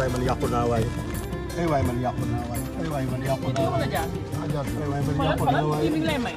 waaye man yàqu naa waaye ay waay man yàqu naa waaye ay waay man yàqu naa waaye waaye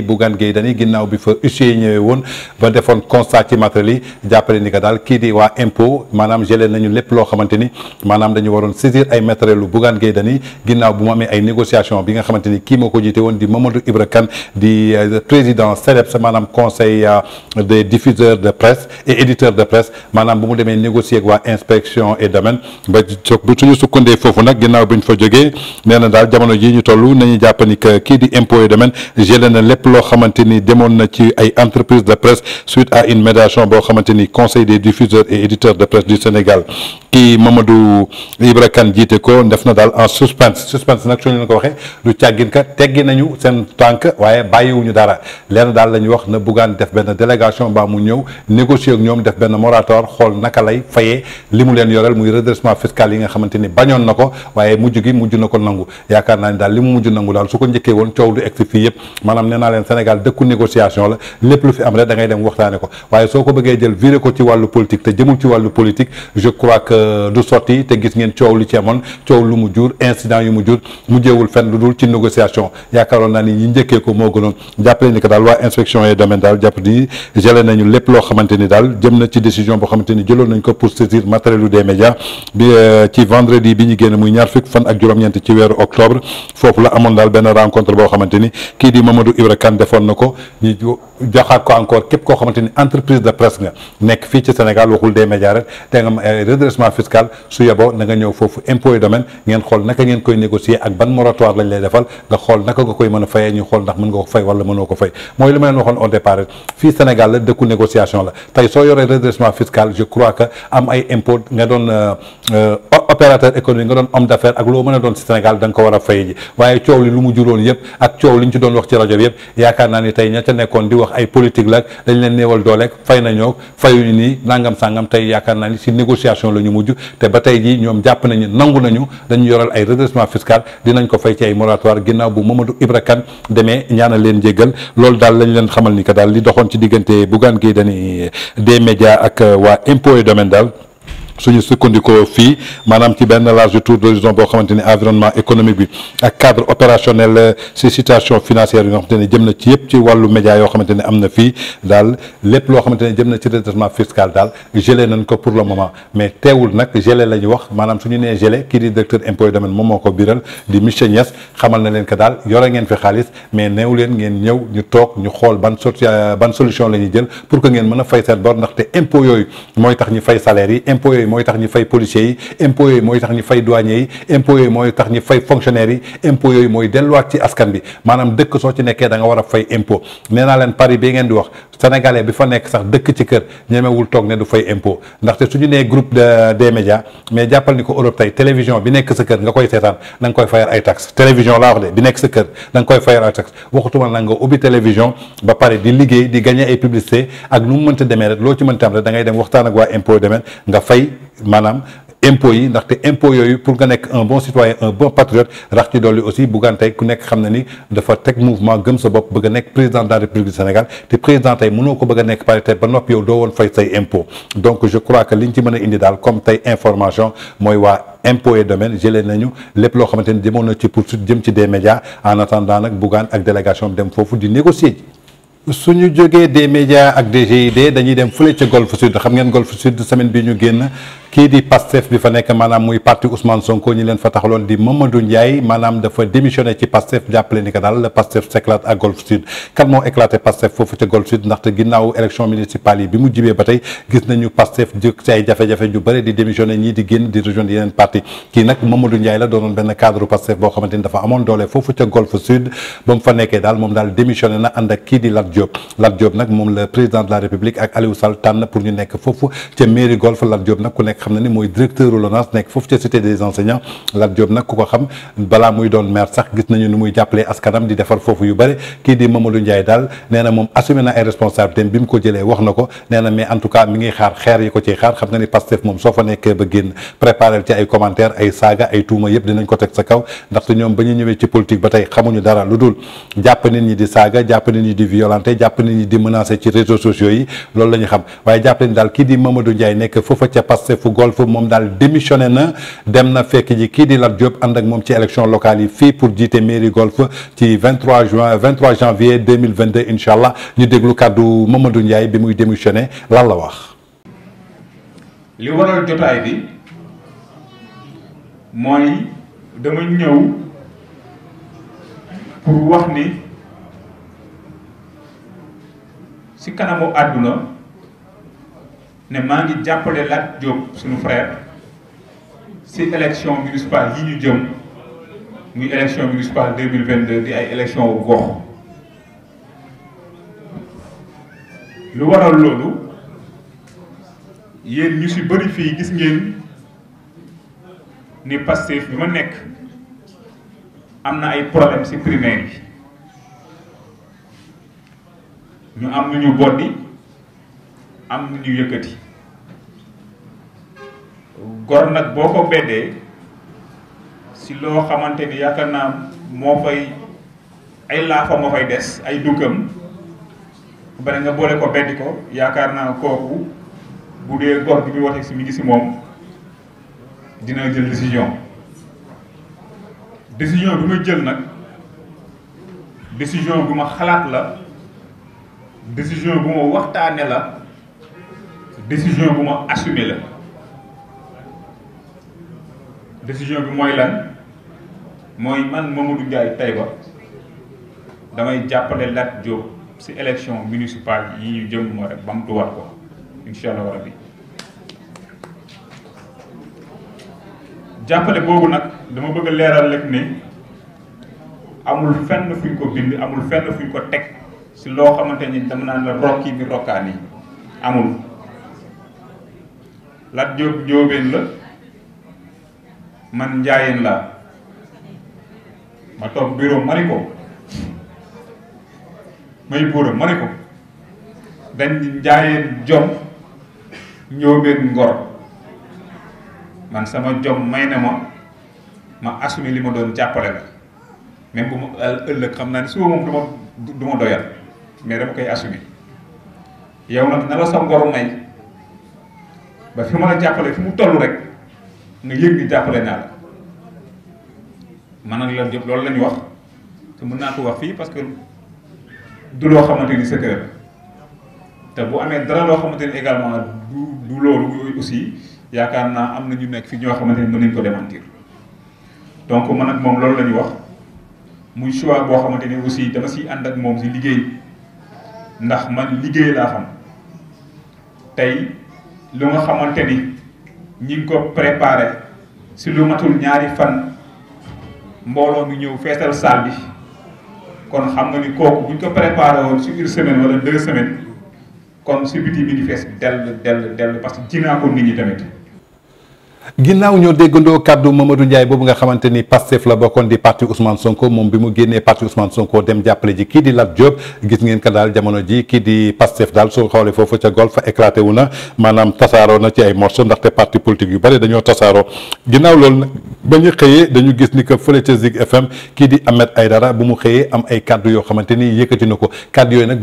Matarli Bougane Gueye Dany ginnaaw bi fa huissier ñëwee woon ba defoon constat ci Matarli jàppale ni que daal kii di waa impôt maanaam na ñu lépp loo xamante ni maanaam dañu waroon saisir ay matérielu Bougane Gueye Dany ginnaaw bu mu amee ay négociation bi nga xamante ni kii moo ko jiite woon di Mamadou Ibra Kane di euh, président CDEPS maanaam conseil euh, des diffuseurs de presse et éditeurs de presse maanaam bu mu demee négocier ak waa inspection et domaine ba bu suñu foofu nag ginnaaw bi ñu fa jógee nee na daal jamono jii ñu toll nañu jàpp ni que kii di impôt et domaine gelé na lépp loo xamante ni demoon na ci ay entreprise de presse suite à une médiation boo xamante ni conseil des diffuseurs et éditeurs de presse du Sénégal kii Mamadou Ibra Kane jiite ko def na daal en suspense suspense nag suñu leen ko waxee du càggin ka teggi nañu seen tànk waaye bàyyiwuñu dara lenn daal la ñu wax na buggaan def benn délégation mbaa mu ñëw négocier ak ñoom def benn moratoire xool naka lay fayee li mu leen yoreel muy redressement fiscal yi nga xamante ni bañoon na ko waaye mujj gi mujj na ko nangu yaakaar naa ni daal li mu mujj nangu daal su ko njëkkee woon coow du egsi fii yëpp maanaam nee naa leen Sénégal dëkku négociation la lépp lu fi am rek da ngay dem waxtaane ko waaye du sotti te gis ngeen coow li ci amoon coow lu mu jur incident yu mu jur mujjeewul fenn lu dul ci négociation yaakaaroon naa ni ñi njëkkee ko moo gënoon jàppale ni que daal waa inspection et domaine daal jàpp loo xamante ni daal jëm na ci décision boo xamante ni jëloon nañ ko pour saisir matériel des médias bi euh, vendredi bi ñu génn muy ñaar fukk fan ak juróom-ñeent ci weeru octobre foofu la amoon daal benn rencontre boo xamante ni kii di Mamadou Ibra Kane defoon na ko ñu joxaat ko encore képp koo xamante ni entreprise de presse nga nekk fii ci Sénégal waxul des médias rek da nga plan su yeboo na ñëw foofu impôt et domaine ngeen xool naka ngeen koy négocier ak ban moratoire lañ lay defal nga xool naka nga koy mën a ñu xool ndax mën nga ko fay wala mënoo ko fay mooy li ma leen waxoon au départ fii Sénégal la dëkku négociation la tey soo yoree redressement fiscal je crois que am ay impôt nga doon euh, euh, opérateur économique nga doon homme d'affaires ak loo mën a doon ci Sénégal da nga ko war a fay ji waaye coow li lu mu juróon yëpp ak coow li ñu ci doon wax ci rajo bi yëpp yaakaar naa ni tey ña ca nekkoon di wax ay politique la dañ leen néewal dooleeg fay nañoo fayuñu nii nangam sangam tey yaakaar naa ni ci négociation la ñu mujj te ba tey jii ñoom jàpp nañu nangu nañu dañu yoral ay redressement fiscal dinañ ko fay ci ay moratoire ginnaaw bu Mamadou Ibra Kane demee ñaanal leen jéggal loolu daal lañ leen xamal ni que daal li doxoon ci diggante Bougane Gueye Dany des médias ak waa impôt domaine daal suñu sukkandikoo fii maanaam ci benn la large tour d'horizon boo xamante ni environnement économique bi ak cadre opérationnel euh, si situation financière yi nga xamante ne jëm na ci yëpp ci wàllu média yoo xamante ne am na fii daal lépp loo xamante ne jëm na ci redressement fiscal daal gelé nañ ko pour le moment mais teewul nag gelé la ñu wax maanaam suñu nee gelé kii di directeur impôt et domaine moom moo ko biral di monsieur Niass xamal na leen que daal yore ngeen fi xaalis mais neew ñu toog ñu xool ban sorti euh, ban solution la ñuy jël pour que ngeen mën a fay seen bor ndaxte impôt yooyu mooy tax ñu fay mooy tax ñu fay policiers yi impôts yooyu mooy tax ñu fay douaniers yi impôts yooyu mooy tax ñu fay fonctionnaires yi impôts mooy delluwaat ci askan bi maanaam dëkk soo ci nekkee da nga war a fay impôt nee naa leen Paris bi ngeen di wax sénégalais bi fa nekk sax dëkk ci kër ñemewul toog ne du fay impôt ndaxte su ñu nee groupe de des médias mais jàppal ni ko Europe tey télévision bi nekk sa kër nga koy seetaan da nga koy fayal ay taxes télévision laa wax de bi nekk sa kër da nga koy fayal ay taxes waxutuma nag nga ubbi télévision liggéey di gagner ay publicité ak nu mu mënta demee rek loo ci mënta am rek da ngay waxtaan ak waa impôt nga fay maanaam impôts yi ndaxte impôts yooyu pour nga nekk un bon citoyen un bon patriote rax ci dolli aussi Bougane tey ku nekk xam na ni dafa teg mouvement gëm sa bopp bëgg a nekk président de la République du Sénégal te président tey mënoo ko bëgg a nekk pare tey ba noppi yow doo woon fay say impôts donc je crois que liñ ci mën a indi daal comme tey information mooy waa impôts et domaines jëlee nañu lépp loo xamante ni demoon na ci poursuite jëm ci des média en attendant nag Bougane ak bi dem foofu di négocier ji suñu jógee des médias ak DGID dañuy dem fële ca Golf Sud xam ngeen Golf Sud semaine bi ñu génn kii di Pastef bi fa nekk maanaam muy parti Ousmane Sonko ñi leen fa taxaloon di Mamadou Ndiaye maanaam dafa démissionné ci Pastef jàppale ni que daal Pastef s'éclate à Golf Sud kan moo éclaté Pastef foofu ca Golf Sud ndaxte ginnaaw élection municipale yi bi mu jibee ba tey gis nañu Pastef jëkk ci ay jafe-jafe ñu bëri di démissionné ñii la doonoon benn cadre Golf Sud ba mu fa nekkee daal moom daal démissionné na ànd ak kii di Lat Diop Lat Diop nag moom la président de la République ak Aliou Sall pour ñu nekk foofu ca mairie Golf Lat Diop nag ku nekk xam na ni mooy directeur LONASE nekk foofu ca cité des enseignants Lat Diop nag ku ko xam balaa muy doon maire sax gis nañu ni muy jàppalee askanam di defar foofu yu bëri kii di Mamadou Ndiaye daal nee na moom assumé na ay responsabilités bi mu ko jëlee wax na ko nee mais en tout cas mi ngi xaar xeer yi ko ciy xaar xam na ni Pastef moom soo fa nekkee ba génn préparé ci ay commentaires ay saaga ay tuuma yëpp dinañ ko teg sa kaw ndaxte ñoom ba di saaga jàpp nit ñi la ñu xam golf moom daal démissionné na dem na fekk ji kii di Lat ànd ak moom ci élection locale yi fii pour jiite mairie golf ci 23 juin 23 janvier 2022 incha allah ñu déglu kàddu Mamadou Ndiaye bi muy démissionné lan la wax. li waral jotaay bi mooy dama ñëw pour wax ni ci kanamu àdduna. ne maa ngi jàppale Lat Diop suñu frère si élection municipale yi ñu jëm muy élection municipale deux mille vingt deux di ay élection wu gox lu waral loolu yéen ñu si bëri fii gis ngeen ni Pastef bi ma nekk am na ay problème si primaire yi ñu am nu ñu boddi am nu ñu yëkkati gor nag boo ko beddee si loo xamante ni yaakaar naa moo fay ay laafa moo fay des ay duggam ba nga boole ko beddi ko yaakaar naa kooku bu dee gor gi bi waxee si mi ngi si moom dina jël décision décision bi muy jël nag décision bu ma xalaat la décision bu ma waxtaane la décision bu ma assumé la décision bi mooy lan mooy man Mamadou Ndiaye Taïba damay jàppale Lat ci si élection yi ñu jëm moo rek bamtuwaat ko incha allah rabbi jàppale boobu nag dama bëgg a leeral rek ne amul fenn fuñ ko bind amul fenn fuñ ko teg ci loo xamante ni dama naan la rokki bi rokkaan amul Lat Diop la man njaayeen laa ma toog bureau ma ko may buuram ma ko dañ njaayeen jom njóobeen ngor man sama jom may na ma ma assumé li ma doon jàppale la même bu ma ëllëg xam naa ne suba moom du ma du ma doyal mais dama koy assumé yow nag na la sa ngor may ba fi ma la jàppale fi mu toll rek nga yëg ni jàppale naa la man ak Lat loolu la wax te mën naa ko wax fii parce que du loo xamante ni secret la te bu amee dara loo xamante ni également du du loolu aussi yaakaar naa am na ñu nekk fii ñoo xamante ni mën nañ ko démentir donc man ak moom loolu la ñu wax muy choix boo xamante ni aussi dama si ànd ak moom si liggéey ndax man liggéey laa xam tey lu nga xamante ni. ñi ngi ko préparé si lu matul ñaari fan mbooloo mi ñëw feesal salle bi kon xam nga ni kooku buñ ko préparé woon si une semaine wala deux semaines kon si biti mi ngi fees dell dell dell parce que ji naa ko nit ñi tamit. ginnaaw ñoo déggandoo kàddu Mamadou Ndiaye boobu nga xamante ni la bokkoon di parti Ousmane Sonko moom bi mu génnee parti Ousmane Sonko dem jàppale ji kii di Lat Diop gis ngeen ko daal jamono ji kii di Pastef daal soo xoolee foofu ca golf éclaté wu na maanaam tasaaroo na ci ay morceaux ndaxte parti politique yu bëri dañoo tasaaroo ginnaaw loolu nag ba ñu xëyee dañu gis ni que fële ca Zik FM kii di Ahmed Aydara bu mu xëyee am ay kàddu yoo xamante ni yëkkati na ko kàddu yooyu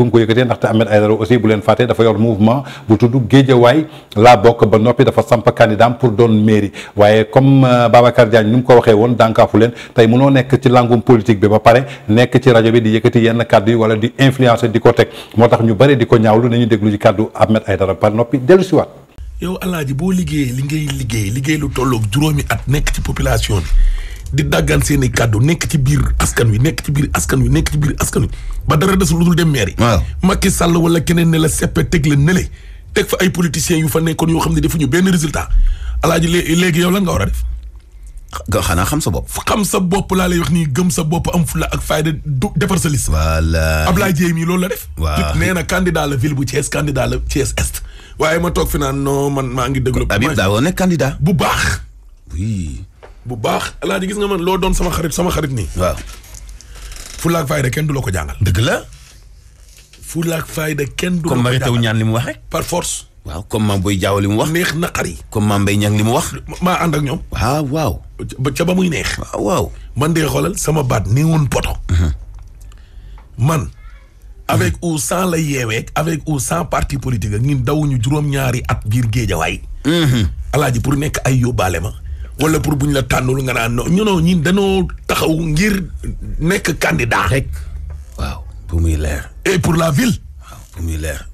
mairie waaye comme euh, Babacar Diagne nu mu ko waxee woon dànkaafu leen tey mënoo nekk ci langum politique bi ba pare nekk ci rajo bi di yëkkati yenn kàddu yi wala di influencer di ko teg moo tax ñu bëri di ko ñaawlu nañu déglu ci kàddu Ahmed Aïdara par noppi dellu si waat yow alaaji boo liggéeyee li ngay liggéey liggéey lu tolloog juróomi at nekk ci population bi di dàggaan seen i kàddu nekk ci biir askan wi nekk ci biir askan wi nekk ci biir askan wi ba dara des lu dul dem mairie Macky Sall wala keneen ne la seppe teg la nele teg fa ay politiciens yu fa nekkoon yoo xam ne defuñu benn résultat alaaji léegi yow lan nga war a def. xanaa xam sa bopp. xam sa bopp laa lay wax nii gëm sa bopp am fula ak fayda du defar sa liste. voilà Ablaye Dieye mii loolu la def. waaw nee na candidat la ville bu Thiès candidat la Thiès est. waaye ma toog fi naan non man maa ngi développé. Habib Daawo nekk candidat. bu baax. oui. bu baax alaaji gis nga man loo doon sama xarit sama xarit nii. waaw. fula ak fayda kenn du la ko jàngal. dëgg la. fulla ak fayda kenn du. comme Mary Teuw Niane li mu wax par force. waaw comme Mame Boye Diao li mu wax. neex naqar yi. comme Mame Mbaye Niang li mu wax. maa ànd ak ñoom. waaw ah, waaw. ba ca ba muy neex. Ah, waaw man de xoolal sama baat ni woon poto. Mhm. man. avec ou sant la yeewee avec ou sant parti politique ak ñun dawuñu juróom-ñaari at biir géejawaay. Mhm. alaaji pour nekk ay yóbbaale ma. wala pour buñ la tànnul nga naan non non ñun dañoo taxaw ngir nekk candidat rek pour muy pour la ville. waaw pour muy leer.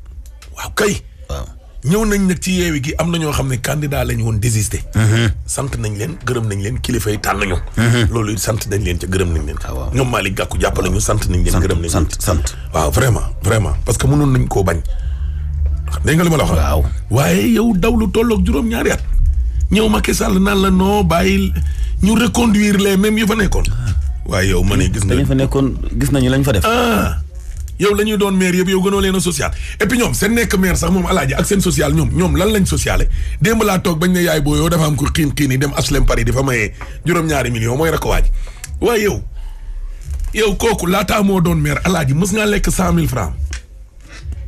waaw kay. ñëw nañ nag ci yeewi gi am na ñoo xam ne candidat lañ woon désister. Mhm. sant nañ leen gërëm nañ leen kilifa yi tànn ñu. Mhm. loolu sant nañ leen ca gërëm nañ leen. Ah, waaw ñoom Malick Gakou jàppale ñu sant nañ leen. gërëm nañ sant sant. waaw vraiment parce que mënoon nañ koo bañ. dégg nga li ma la waaye yow daw lu tolloog juróom-ñaari at. ñëw Macky Sall naan la noo bàyyi ñu reconduire les mêmes yu fa nekkoon. Ah. waaye yow ma ne gis nga. dañu fa nekkoon gis nañu lañ fa def. Ah. yow la ñuy doon maire yëpp yow gënoo leen a social et puis ñoom seen nekk maire sax moom alaaji ak seen social ñoom ñoom lan lañ socialé démb laa toog bañ ne yaay boo yow dafa am ko xiin xiin yi dem aslem Paris di fa mayee juróom-ñaari million mooy rako waaj waaye yow yow kooku laataa moo doon maire alaaji mës ngaa lekk cent mille francs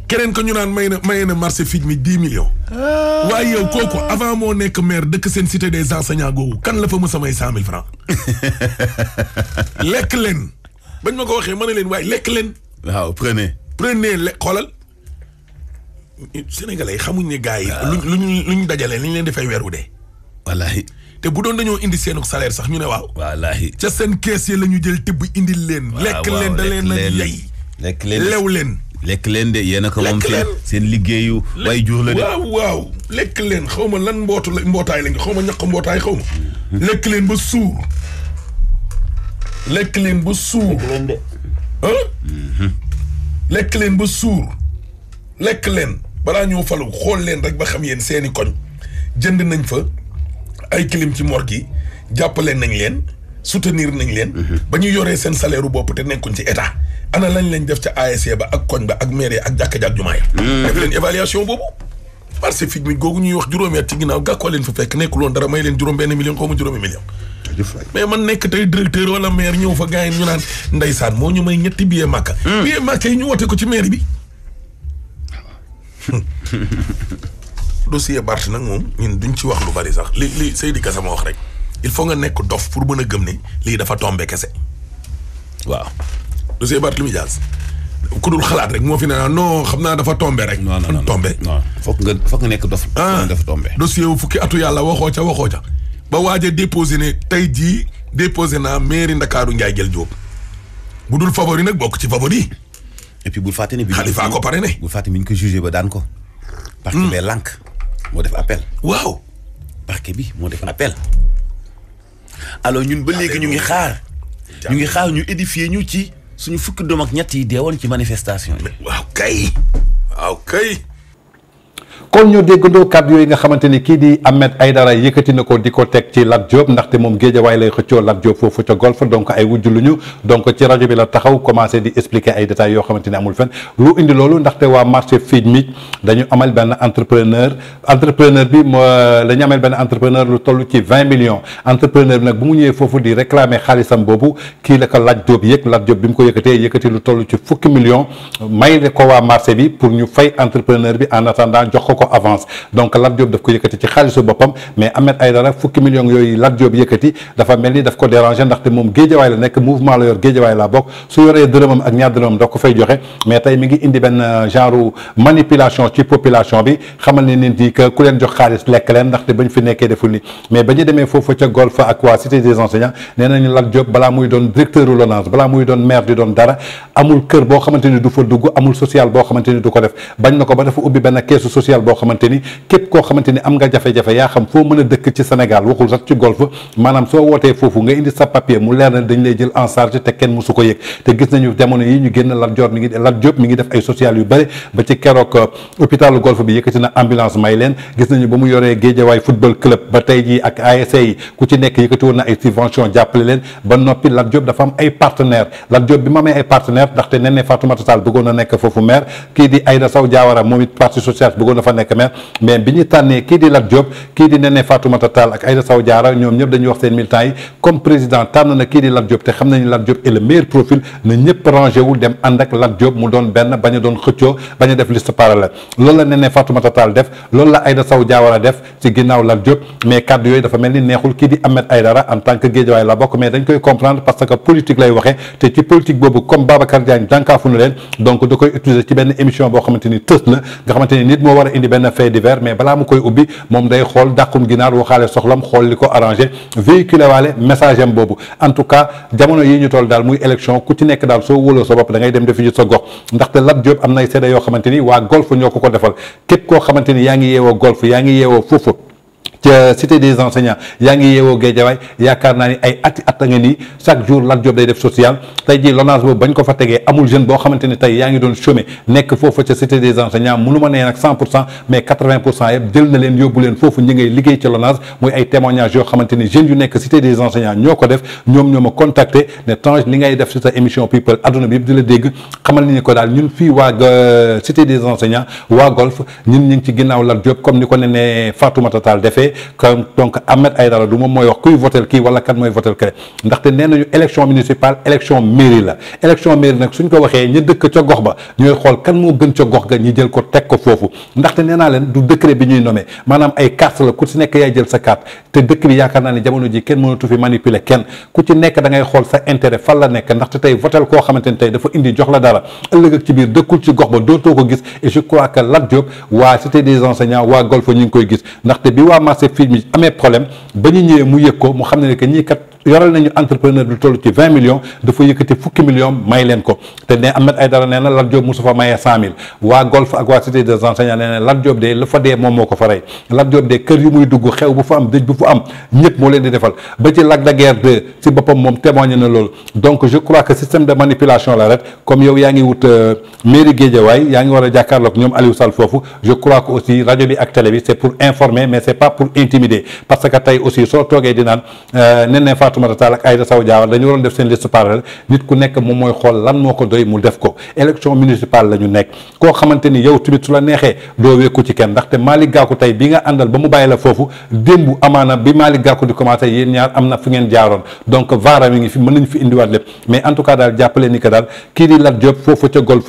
keneen ko ñu naan may na may na marché fii mi dix millions. Ah. waaye yow kooku avant moo nekk maire dëkk seen cité des enseignants googu kan la fa mës a may cent mille francs lekk leen bañ ma ko waxee ma ne leen waaye lekk leen. waaw prenez. prenez le xoolal sénégalais yi xamuñ ne gaa yi. lu ñu lu ñu dajalee li ñu leen defee weer wu dee. te bu doon dañoo indi seenu salaire sax ñu ne waaw. wallaahi ca seen kees la ñu jël tibb indil leen. lekk leen da leen a yey. leen lew leen. lekk leen de yéen a ko moom seen seen liggéeyu. waaye jur la de waaw waaw. lekk leen xaw ma lan mbootu la mbootaay lañ xaw ma ñaq mbootaay xaw ma. Mm-hmm. lekk leen ba suur. lekk leen ba suur. Mhm. lekk leen ba suur lekk leen balaa ñoo falu xool leen rek ba xam yeen seeni koñ jënd nañ fa ay clim ci morgue yi jàppale nañ leen soutenir nañ leen. Mhm. ba ñu yoree seen salaire bopp te nekkuñ ci état ana lañ leen def ca ASC ba ak koñ ba ak mairie ak jàkka ja ak jumaa ya. Mhm. def leen évaluation boobu. parce que fii googu ñuy wax juróomi at ci ginnaaw gàkkoo leen fa fekk nekkul dara may leen juróom benn million xaw juróomi million. mais man nekk tey directeur wala maire ñëw fa gars yi ñu naan ndeysaan moo ñu may ñetti billet màkka. Hmm. billet màkka yi ñu wote ko ci maire bi. dossier Barth nag moom ñun duñ ci wax lu bari sax li li Seydi Gassama wax rek il faut nga nekk dof pour mën a gëm ne lii dafa tombé kese. waaw dossier Barth li muy jaas ku xalaat rek moo fi ne non xam naa dafa tombe rek. non non non tombé. foog nga foog nga nekk dof. Ah. dafa tombé. dossier wu fukki atu yàlla waxoo ca waxoo ca. ba waaj a déposé ne tey jii déposé naa mairie Ndakaaru Ndiaye Guèye Diop bu dul favori nag bokk ci favori. et puis bul fàtte ne. xalifa ko pare ne. bul fàtte mi ngi ko jugé ba daan ko. parquet bee hmm. lank moo def appel. waaw. parquet bi moo def appel. alors ñun ba léegi ñu ngi xaar. ñu ngi xaar ñu édifier ñu ci suñu fukki doom ak ñett yi ci manifestation yi. waaw kay. waaw kay. kon ñoo déggandoo kàddu yooyu nga xamante ni kii di Ahmed Aïdara yëkkati na ko di ko teg ci Lat Diop ndaxte moom Géejawaay lay xëccoo Lat Diop foofu ca golf donc ay wujj lu ñu donc ci rajo bi la taxaw commencé di expliquer ay détails yoo xamante ni amul fenn lu indi loolu ndaxte waa marché fii mi dañu amal benn entrepreneur entrepreneur bi la ñu amal benn entrepreneur lu toll ci vingt millions entrepreneur nag bu mu ñëwee foofu di réclamer xaalisam boobu kii la ko Lat Diop yëg Lat Diop bi mu ko yëkkatee yëkkati lu toll ci fukki millions may ko waa marché bi pour ñu fay entrepreneur bi en attendant jox ko ko ko avance donc Lat Diop daf ko yëkkati ci xaalisu boppam mais Ahmed Aïdara fukki millions yooyu Lat Diop yëkkati dafa mel ni daf ko déranger ndaxte moom géejawaay la nekk mouvement la yor géejawaay laa bokk su yoree dërëmam ak ñaar dërëmam da ko fay joxe mais tey mi ngi indi benn euh, genre manipulation ci population bi xamal ne nit yi ku leen jox xaalis lekk leen ndaxte bañ fi nekkee deful ni mais ba ñu demee foofu ca golf ak waa cité des enseignants boo xamante ni ni du xamante ni képp koo xamante ni am nga jafe-jafe yaa xam foo mën a dëkk ci Sénégal waxul sax ci golf maanaam soo wootee foofu nga indi sa papier mu leer na dañ lay jël en charge te kenn musu ko yëg te gis nañu jamono yi ñu génn Lat Joor mi ngi Lat Diop mi ngi def ay social yu bëri ba ci keroog euh, hôpitalu golf bi yëkkati na ambulance may leen gis nañu ba mu yoree Géejawaay football club ba tey jii ak ASC yi ku ci nekk yëkkati na ay subvention jàppale leen ba noppi Lat Diop dafa am na nekk foofu maire kii di Aïda Sow Diawara moom it nekk maire mais bi ñu tànnee kii di Lat kii di Néné Fatoumata Tall ak Aïda Sow ñoom ñëpp dañuy wax seen militants yi comme président tànn na kii di Lat te xam nañu Lat Diop est le na ñëpp rangé dem ànd ak Lat mu doon benn bañ a doon xëccoo bañ def liste parallèle loolu la Néné Fatoumata Tall def loolu la Aïda Sow Diawara def ci ginnaaw Lat mais kàddu yooyu dafa mel ni neexul kii di Ahmed Aïdara en tant que Guédiawaye la bokk indi benn fait divers mais balaa mu koy ubbi moom day xool dàqum ginaar waxaale soxlam xool li ko arrangé véhiculé waale message am boobu en tout cas jamono yi ñu toll daal muy élection ku ci nekk daal soo wóoloo sa bopp da dem defi sa gox ndaxte Lat Diop am nay seede yoo xamante ni waa golf ñoo ko ko defal képp koo xamante yaa ngi yeewoo golf yaa ngi yeewoo foofu ca cité des enseignants yaa ngi yeewoo Guédiawaye yaakaar naa ni ay ati at a nga nii chaque jour Lat Diop day def social tey jii LONASE boobu bañ ko fa tegee amul jeune boo xamante ni tey yaa ngi doon chômer nekk foofu ca cité des enseignants mënu ma nee nag 100 muy ay témoignages yoo xamante ni jeunes yu nekk cité des enseignants ñoo ko def ñoom ñoo ma ne Tange li ngay def ci sa émission people adduna bi yëpp di la dégg xamal ni ni ko daal ñun fii waa euh, cité ñu ngi ci ginnaaw Lat comme ni voté comme donc Ahmed Aïdara du moom mooy wax kuy votel kii wala kan mooy votel kële ndaxte nee nañu élection municipale élection mairie la élection mairie nag suñ ko waxee ña dëkk ca gox ba ñooy xool kan moo gën ca gox ga ñi jël ko teg ko foofu ndaxte nee naa leen du décret bi ñuy nommé maanaam ay carte la ku si nekk yaay jël sa carte te dëkk bi yaakaar naa ne jamono ji kenn mënatu fi manipuler kenn ku ci nekk da ngay xool sa intérêt fan la nekk ndaxte tey votel koo xamante ne tey dafa indi jox la dara ëllëg ak ci biir dëkkul ci gox ba dootoo ko gis et je crois que Lat Diop ñu ngi koy gis commencé film yi amee problème ba ñu ñëwee mu yëg ko mu xam ne ne que ñii kat yoral nañu entrepreneur bi toll ci vingt millions dafa yëkkati fukki millions may leen ko te ne Ahmed Aïdara nee na Lat Diop mosu fa mayee waa golf ak waa de la fa dee moom moo ko fa rey Lat muy dugg xew bu ñëpp moo leen di defal ba ci Lac de Guiers 2 si boppam na loolu donc je crois que système de la rek comme yow yaa ngi euh, yaa ngi war a jàkkaarloog ñoom Aliou Sall foofu je crois que aussi rajo bi ak télé bi c'est pour informer mais c'est pas pour intimider parce que tey Fatoumata ak Aïda Sow Diawara dañu waroon def seen liste parallèle nit ku nekk moom mooy xool lan moo ko doy mu def ko élection municipale la nekk koo xamante ni yow tamit su la neexee doo wékku ci kenn ndaxte Malick Gakou tey bi nga àndal ba mu bàyyi la foofu démb amaana bi Malick Gakou di commencé yéen ñaar am na fu ngeen jaaroon donc vaara mi ngi fi mën nañu fi indiwaat lépp mais en tout cas daal jàppale ni que daal kii di Lat Diop foofu ca Golf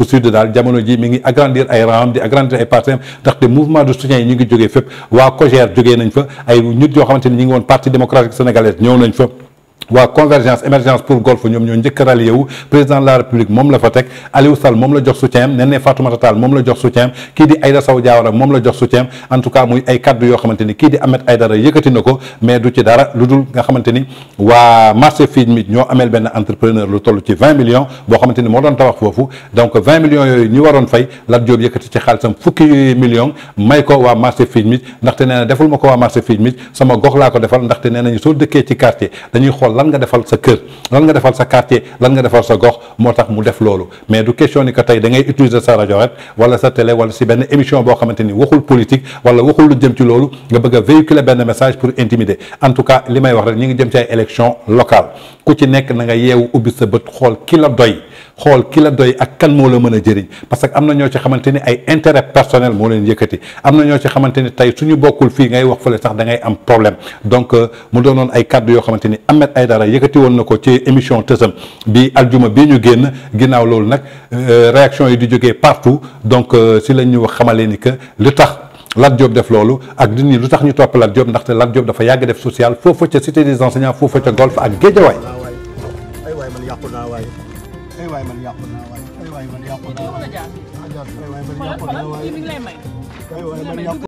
waa convergence émergence pour golfe ñoom ñoo njëkk a rallié wu président de la république moom la fa teg Aliou Sall moom la jox soutien Néné Fatoumata Tall moom la jox soutien kii di Aïda Sow Diawara moom la jox soutien en muy ay kaddu yoo xamante ni kii di Ahmed Aïdara yëkkati na ko mais du ci dara lu dul nga xamante ni waa marché fii mi ñoo ameel benn entrepreneur lu toll ci vingt millions boo xamante ni moo doon tabax foofu donc 20 millions yooyu ñu waroon fay Lat Diop yëkkati ci xaalisam fukki millions may ko waa marché fii mi ndaxte nee na deful ko waa marché fii mi sama gox laa ko defal ndaxte nee nañu soo dëkkee ci quartier dañuy xool lan nga defal sa kër lan nga defal sa quartier lan nga defal sa gox moo tax mu def loolu mais du question ni que tey da ngay utiliser sa rajo rek wala sa télé wala si benn émission boo xamante ni waxul politique wala waxul lu jëm ci loolu nga bëgg a véhiculer benn message pour intimider en tout cas li may wax rek ñu ngi jëm ca ay élection locale ku ci nekk na nga yeewu ubbi sa bët xool ki la doy xool ki la doy ak kan moo la mën a jëriñ parce que am na ñoo ci xamante ni ay intérêt personnel moo leen yëkkati am na ñoo ci xamante ni tey suñu bokkul fii ngay wax fële sax da ngay am problème donc euh, mu doonoon ay kàddu yoo xamante ni Ahmed Aïdara yëkkati woon na ko ci émission tësam bi aljuma bi ñu génn ginnaaw loolu nag euh, réaction yi di jógee partout donc euh, si la ñu xamalee ni que li tax Lat Diop def loolu ak du ñi lu tax ñu topp Lat Diop ndaxte Lat dafa yàgg def social foofu ca cité des enseignants foofu ca golf ak Géejawaay. ay waay man waay ay waay man waay ay waay